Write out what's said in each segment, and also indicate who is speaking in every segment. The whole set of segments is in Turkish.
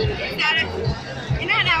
Speaker 1: Ina da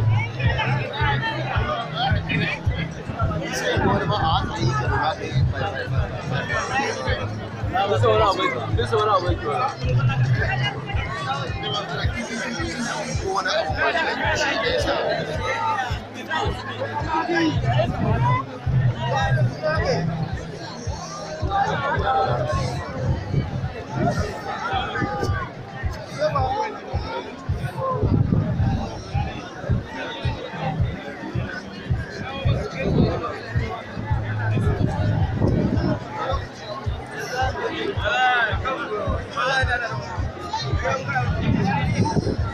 Speaker 1: This one I'll wake up. This one I'll wake you 아, 나, 나, 나.